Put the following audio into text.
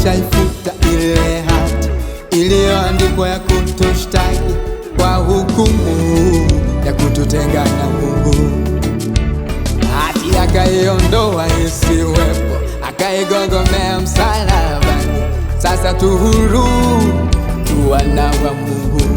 nishaifuta ile hati iliyoandikwa ya kutushtaki kwa hukumu ya kututenga na Mungu. Hati akaiondoa isiwepo, akaigongomea msalabani. Sasa tuhuru huru, wa Mungu.